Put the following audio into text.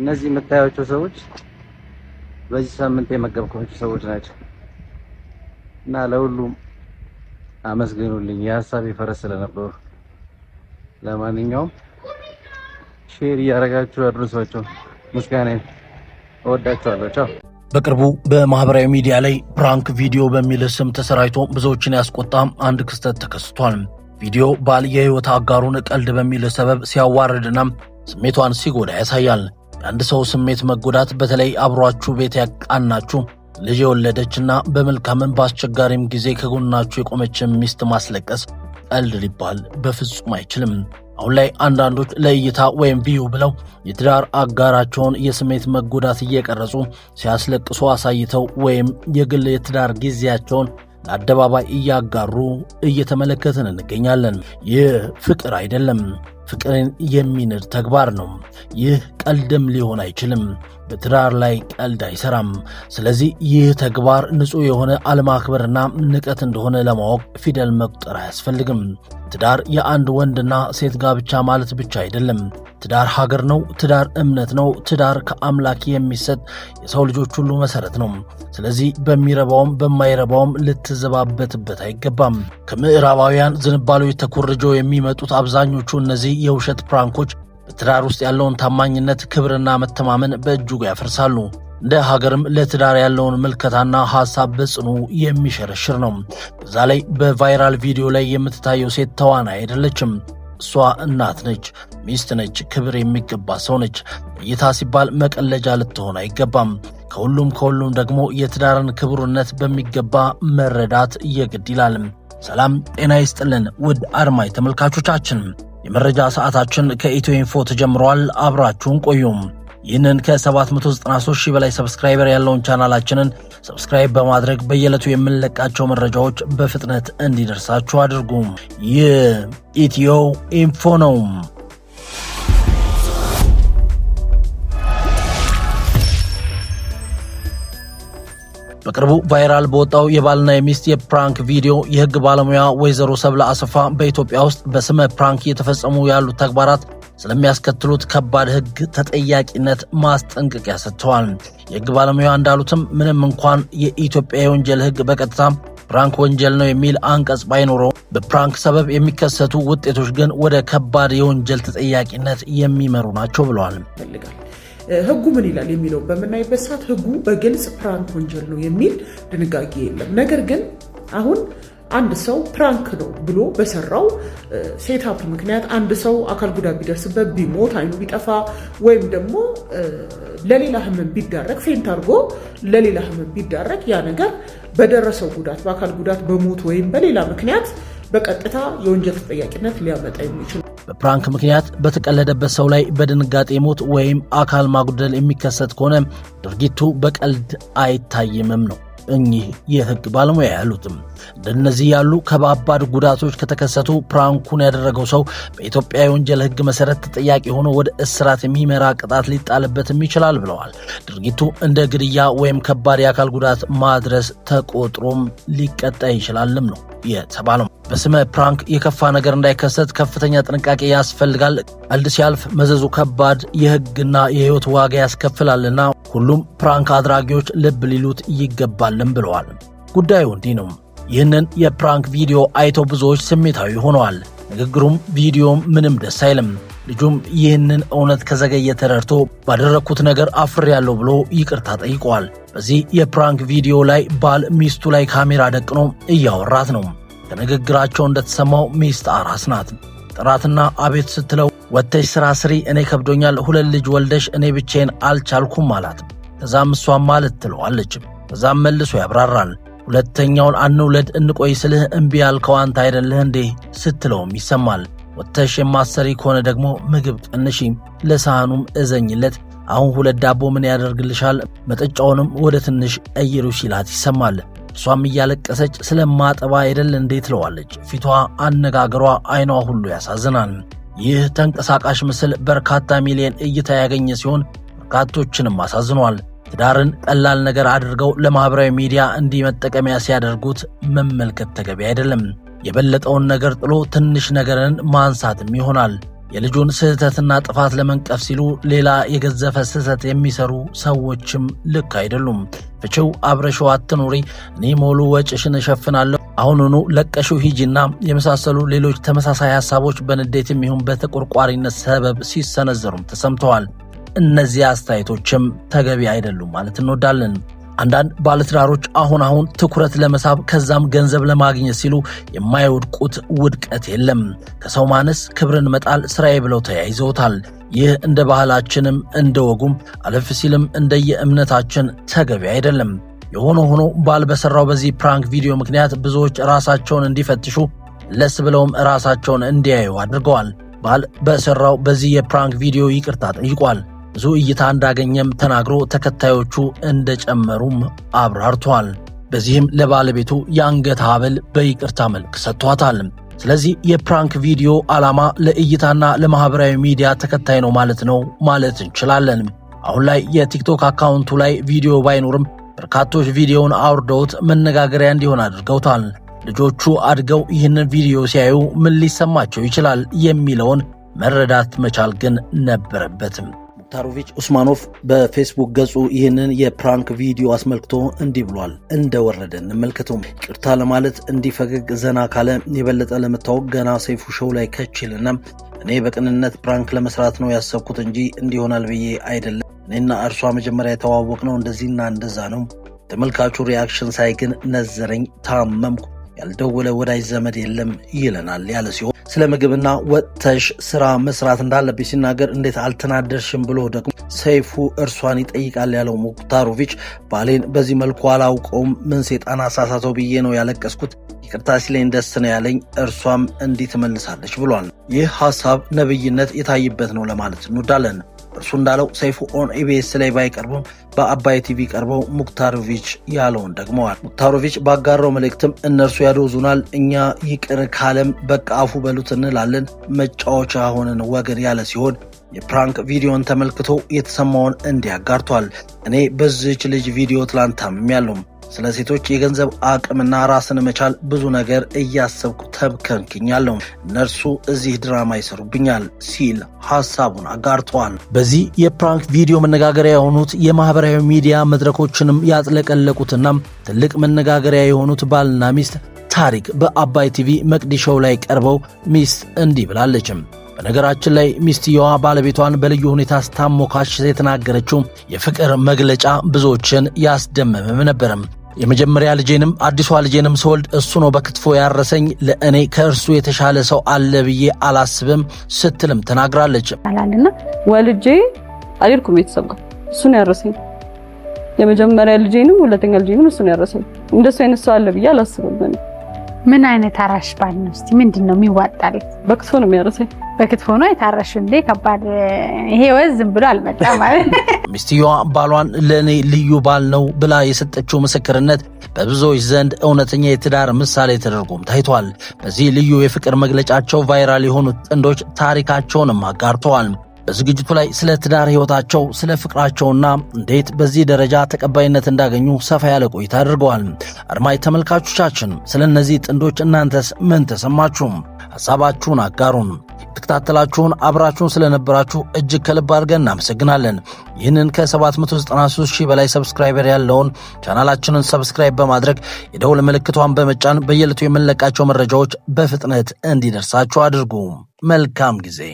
እነዚህ የምታያቸው ሰዎች በዚህ ሳምንት የመገብኳቸው ሰዎች ናቸው እና ለሁሉም አመስግኑልኝ የሀሳብ የፈረስ ስለነበሩ። ለማንኛውም ሼር እያደረጋችሁ አድርሷቸው። ምስጋና እወዳችኋለሁ። ቻው። በቅርቡ በማህበራዊ ሚዲያ ላይ ፕራንክ ቪዲዮ በሚል ስም ተሰራጭቶ ብዙዎችን ያስቆጣም አንድ ክስተት ተከስቷል። ቪዲዮ ባል የህይወት አጋሩን ቀልድ በሚል ሰበብ ሲያዋርድና ስሜቷን ሲጎዳ ያሳያል። የአንድ ሰው ስሜት መጎዳት በተለይ አብሯችሁ ቤት ያቃናችሁ ልጅ የወለደች ና በመልካምም በአስቸጋሪም ጊዜ ከጎናችሁ የቆመችን ሚስት ማስለቀስ ቀልድ ሊባል በፍጹም አይችልም። አሁን ላይ አንዳንዶች ለእይታ ወይም ቪዩ ብለው የትዳር አጋራቸውን የስሜት መጎዳት እየቀረጹ ሲያስለቅሱ አሳይተው ወይም የግል የትዳር ጊዜያቸውን ለአደባባይ እያጋሩ እየተመለከትን እንገኛለን። ይህ ፍቅር አይደለም። ፍቅርን የሚንድ ተግባር ነው። ይህ ቀልድም ሊሆን አይችልም። በትዳር ላይ ቀልድ አይሰራም። ስለዚህ ይህ ተግባር ንጹሕ የሆነ አለማክበርና ንቀት እንደሆነ ለማወቅ ፊደል መቁጠር አያስፈልግም። ትዳር የአንድ ወንድና ሴት ጋብቻ ማለት ብቻ አይደለም። ትዳር ሀገር ነው። ትዳር እምነት ነው። ትዳር ከአምላክ የሚሰጥ የሰው ልጆች ሁሉ መሰረት ነው። ስለዚህ በሚረባውም በማይረባውም ልትዘባበትበት አይገባም። ከምዕራባውያን ዝንባሌዎች ተኮርጀው የሚመጡት አብዛኞቹ እነዚህ የውሸት ፕራንኮች በትዳር ውስጥ ያለውን ታማኝነት፣ ክብርና መተማመን በእጅጉ ያፈርሳሉ። እንደ ሀገርም ለትዳር ያለውን ምልከታና ሀሳብ በጽኑ የሚሸረሽር ነው። በዛ ላይ በቫይራል ቪዲዮ ላይ የምትታየው ሴት ተዋናይ አይደለችም። እሷ እናት ነች፣ ሚስት ነች፣ ክብር የሚገባ ሰው ነች። እይታ ሲባል መቀለጃ ልትሆን አይገባም። ከሁሉም ከሁሉም ደግሞ የትዳርን ክቡርነት በሚገባ መረዳት የግድ ይላል። ሰላም ጤና ይስጥልን ውድ አድማጭ ተመልካቾቻችን የመረጃ ሰዓታችን ከኢትዮ ኢንፎ ተጀምሯል። አብራችሁን ቆዩም። ይህንን ከ793 ሺህ በላይ ሰብስክራይበር ያለውን ቻናላችንን ሰብስክራይብ በማድረግ በየዕለቱ የምንለቃቸው መረጃዎች በፍጥነት እንዲደርሳችሁ አድርጉም። ይህ ኢትዮ ኢንፎ ነው። በቅርቡ ቫይራል በወጣው የባልና የሚስት የፕራንክ ቪዲዮ የህግ ባለሙያ ወይዘሮ ሰብለ አሰፋ በኢትዮጵያ ውስጥ በስመ ፕራንክ እየተፈጸሙ ያሉት ተግባራት ስለሚያስከትሉት ከባድ ህግ ተጠያቂነት ማስጠንቀቂያ ሰጥተዋል። የህግ ባለሙያ እንዳሉትም ምንም እንኳን የኢትዮጵያ የወንጀል ህግ በቀጥታ ፕራንክ ወንጀል ነው የሚል አንቀጽ ባይኖረው በፕራንክ ሰበብ የሚከሰቱ ውጤቶች ግን ወደ ከባድ የወንጀል ተጠያቂነት የሚመሩ ናቸው ብለዋል። ህጉ ምን ይላል የሚለው በምናይበት ሰዓት ህጉ በግልጽ ፕራንክ ወንጀል ነው የሚል ድንጋጌ የለም። ነገር ግን አሁን አንድ ሰው ፕራንክ ነው ብሎ በሰራው ሴታፕ ምክንያት አንድ ሰው አካል ጉዳት ቢደርስበት ቢሞት፣ አይኑ ቢጠፋ ወይም ደግሞ ለሌላ ህመም ቢዳረግ ፌንት አድርጎ ለሌላ ህመም ቢዳረግ ያ ነገር በደረሰው ጉዳት በአካል ጉዳት በሞት ወይም በሌላ ምክንያት በቀጥታ የወንጀል ተጠያቂነት ሊያመጣ የሚችል በፕራንክ ምክንያት በተቀለደበት ሰው ላይ በድንጋጤ ሞት ወይም አካል ማጉደል የሚከሰት ከሆነ ድርጊቱ በቀልድ አይታይምም ነው። እኚህ የህግ ባለሙያ ያሉትም። እንደነዚህ ያሉ ከባባድ ጉዳቶች ከተከሰቱ ፕራንኩን ያደረገው ሰው በኢትዮጵያ የወንጀል ህግ መሰረት ተጠያቂ ሆኖ ወደ እስራት የሚመራ ቅጣት ሊጣልበትም ይችላል ብለዋል። ድርጊቱ እንደ ግድያ ወይም ከባድ የአካል ጉዳት ማድረስ ተቆጥሮም ሊቀጣ ይችላልም ነው የተባለው። በስመ ፕራንክ የከፋ ነገር እንዳይከሰት ከፍተኛ ጥንቃቄ ያስፈልጋል። ቀልድ ሲያልፍ መዘዙ ከባድ የህግና የህይወት ዋጋ ያስከፍላልና ሁሉም ፕራንክ አድራጊዎች ልብ ሊሉት ይገባልም ብለዋል። ጉዳዩ እንዲህ ነው። ይህንን የፕራንክ ቪዲዮ አይተው ብዙዎች ስሜታዊ ሆነዋል። ንግግሩም ቪዲዮም ምንም ደስ አይልም። ልጁም ይህንን እውነት ከዘገየ ተረድቶ ባደረግኩት ነገር አፍሬያለሁ ብሎ ይቅርታ ጠይቋል። በዚህ የፕራንክ ቪዲዮ ላይ ባል ሚስቱ ላይ ካሜራ ደቅኖ እያወራት ነው። ከንግግራቸው እንደተሰማው ሚስት አራስ ናት። ጥራትና አቤት ስትለው ወጥተሽ ስራ ስሪ፣ እኔ ከብዶኛል፣ ሁለት ልጅ ወልደሽ እኔ ብቼን አልቻልኩም አላት። ከዛም እሷማ ልትለዋለችም። እዛም መልሶ ያብራራል። ሁለተኛውን አንውለድ እንቆይ ስልህ እምቢ ያልከው አንተ አይደለህ እንዴ ስትለውም ይሰማል። ወጥተሽ የማሰሪ ከሆነ ደግሞ ምግብ ቀንሺ፣ ለሳህኑም እዘኝለት። አሁን ሁለት ዳቦ ምን ያደርግልሻል? መጠጫውንም ወደ ትንሽ ቀይሩ ሲላት ይሰማል። እሷም እያለቀሰች ስለማጠባ አይደል እንዴ ትለዋለች። ፊቷ፣ አነጋገሯ፣ አይኗ ሁሉ ያሳዝናል። ይህ ተንቀሳቃሽ ምስል በርካታ ሚሊዮን እይታ ያገኘ ሲሆን በርካቶችንም አሳዝኗል። ትዳርን ቀላል ነገር አድርገው ለማኅበራዊ ሚዲያ እንዲህ መጠቀሚያ ሲያደርጉት መመልከት ተገቢ አይደለም። የበለጠውን ነገር ጥሎ ትንሽ ነገርን ማንሳትም ይሆናል። የልጁን ስህተትና ጥፋት ለመንቀፍ ሲሉ ሌላ የገዘፈ ስህተት የሚሰሩ ሰዎችም ልክ አይደሉም። ፍቺው አብረሽው አትኑሪ፣ እኔ ሙሉ ወጭሽን እሸፍናለሁ አሁኑኑ ለቀሹ ሂጂና የመሳሰሉ ሌሎች ተመሳሳይ ሀሳቦች በንዴትም ይሁን በተቆርቋሪነት ሰበብ ሲሰነዘሩም ተሰምተዋል። እነዚህ አስተያየቶችም ተገቢ አይደሉም ማለት እንወዳለን። አንዳንድ ባለትዳሮች አሁን አሁን ትኩረት ለመሳብ ከዛም ገንዘብ ለማግኘት ሲሉ የማይወድቁት ውድቀት የለም። ከሰው ማነስ ክብርን መጣል ስራዬ ብለው ተያይዘውታል። ይህ እንደ ባህላችንም እንደ ወጉም አለፍ ሲልም እንደየእምነታችን ተገቢ አይደለም። የሆነ ሆኖ ባል በሰራው በዚህ ፕራንክ ቪዲዮ ምክንያት ብዙዎች ራሳቸውን እንዲፈትሹ ለስ ብለውም ራሳቸውን እንዲያዩ አድርገዋል። ባል በሰራው በዚህ የፕራንክ ቪዲዮ ይቅርታ ጠይቋል። ብዙ እይታ እንዳገኘም ተናግሮ ተከታዮቹ እንደጨመሩም አብራርቷል። በዚህም ለባለቤቱ የአንገት ሐብል በይቅርታ መልክ ሰጥቷታል። ስለዚህ የፕራንክ ቪዲዮ ዓላማ ለእይታና ለማኅበራዊ ሚዲያ ተከታይ ነው ማለት ነው ማለት እንችላለን። አሁን ላይ የቲክቶክ አካውንቱ ላይ ቪዲዮ ባይኖርም በርካቶች ቪዲዮውን አውርደውት መነጋገሪያ እንዲሆን አድርገውታል። ልጆቹ አድገው ይህንን ቪዲዮ ሲያዩ ምን ሊሰማቸው ይችላል የሚለውን መረዳት መቻል ግን ነበረበትም። ሙክታሮቪች ኡስማኖቭ በፌስቡክ ገጹ ይህንን የፕራንክ ቪዲዮ አስመልክቶ እንዲህ ብሏል። እንደወረደ እንመልከተው። ቅርታ ለማለት እንዲፈገግ ዘና ካለ የበለጠ ለመታወቅ ገና ሰይፉ ሸው ላይ ከችልና እኔ በቅንነት ፕራንክ ለመስራት ነው ያሰብኩት እንጂ እንዲሆናል ብዬ አይደለም እኔና እርሷ መጀመሪያ የተዋወቅ ነው እንደዚህና እንደዛ ነው። ተመልካቹ ሪያክሽን ሳይ ግን ነዘረኝ፣ ታመምኩ፣ ያልደወለ ወዳጅ ዘመድ የለም ይለናል ያለ ሲሆን ስለ ምግብና ወጥተሽ ስራ መስራት እንዳለብኝ ሲናገር እንዴት አልተናደርሽም ብሎ ደግሞ ሰይፉ እርሷን ይጠይቃል ያለው ሙክታሮቪች ባሌን በዚህ መልኩ አላውቀውም፣ ምን ሴጣን አሳሳተው ብዬ ነው ያለቀስኩት ይቅርታ ሲለኝ ደስ ነው ያለኝ፣ እርሷም እንዲህ ትመልሳለች ብሏል። ይህ ሀሳብ ነብይነት የታይበት ነው ለማለት እንወዳለን። እርሱ እንዳለው ሰይፉ ኦን ኢቢኤስ ላይ ባይቀርብም በአባይ ቲቪ ቀርበው ሙክታሮቪች ያለውን ደግመዋል። ሙክታሮቪች ባጋረው መልእክትም እነርሱ ያዶዙናል፣ እኛ ይቅር ካለም በቃ አፉ በሉት እንላለን፣ መጫወቻ ሆንን ወገን ያለ ሲሆን የፕራንክ ቪዲዮን ተመልክቶ የተሰማውን እንዲህ አጋርቷል። እኔ በዚች ልጅ ቪዲዮ ትላንት ታምሜያለሁ ስለ ሴቶች የገንዘብ አቅምና ራስን መቻል ብዙ ነገር እያሰብኩ ተብከንክኛለሁ። እነርሱ እዚህ ድራማ ይሰሩብኛል ሲል ሀሳቡን አጋርተዋል። በዚህ የፕራንክ ቪዲዮ መነጋገሪያ የሆኑት የማህበራዊ ሚዲያ መድረኮችንም ያጥለቀለቁትና ትልቅ መነጋገሪያ የሆኑት ባልና ሚስት ታሪክ በአባይ ቲቪ መቅዲሾው ላይ ቀርበው ሚስት እንዲህ ብላለችም። በነገራችን ላይ ሚስትየዋ ባለቤቷን በልዩ ሁኔታ ስታሞካሽ የተናገረችው የፍቅር መግለጫ ብዙዎችን ያስደመመም ነበርም። የመጀመሪያ ልጄንም አዲሷ ልጄንም ስወልድ እሱ ነው በክትፎ ያረሰኝ። ለእኔ ከእርሱ የተሻለ ሰው አለ ብዬ አላስብም ስትልም ተናግራለች። ላልና ወልጄ አልሄድኩም ቤተሰብ ጋር እሱ ነው ያረሰኝ። የመጀመሪያ ልጄንም ሁለተኛ ልጄንም እሱ ነው ያረሰኝ። እንደሱ አይነት ሰው አለ ብዬ አላስብም። ምን አይነት አራሽ ባል ነው? እስቲ ምንድን ነው የሚዋጣለት? በክትፎ ነው የሚያረሰኝ። በክትፎ ነው የታረሽ እንዴ? ከባድ ይሄ ወዝ ዝም ብሎ አልመጣ ማለት። ሚስትየዋ ባሏን ለእኔ ልዩ ባል ነው ብላ የሰጠችው ምስክርነት በብዙዎች ዘንድ እውነተኛ የትዳር ምሳሌ ተደርጎም ታይቷል። በዚህ ልዩ የፍቅር መግለጫቸው ቫይራል የሆኑት ጥንዶች ታሪካቸውንም አጋርተዋል። በዝግጅቱ ላይ ስለ ትዳር ሕይወታቸው፣ ስለ ፍቅራቸውና እንዴት በዚህ ደረጃ ተቀባይነት እንዳገኙ ሰፋ ያለ ቆይታ አድርገዋል። አድማጭ ተመልካቾቻችን ስለ እነዚህ ጥንዶች እናንተስ ምን ተሰማችሁ? ሐሳባችሁን አጋሩን። የተከታተላችሁን አብራችሁን ስለነበራችሁ እጅግ ከልብ አድርገን እናመሰግናለን። ይህንን ከ793 ሺህ በላይ ሰብስክራይበር ያለውን ቻናላችንን ሰብስክራይብ በማድረግ የደውል ምልክቷን በመጫን በየዕለቱ የምንለቃቸው መረጃዎች በፍጥነት እንዲደርሳችሁ አድርጉ። መልካም ጊዜ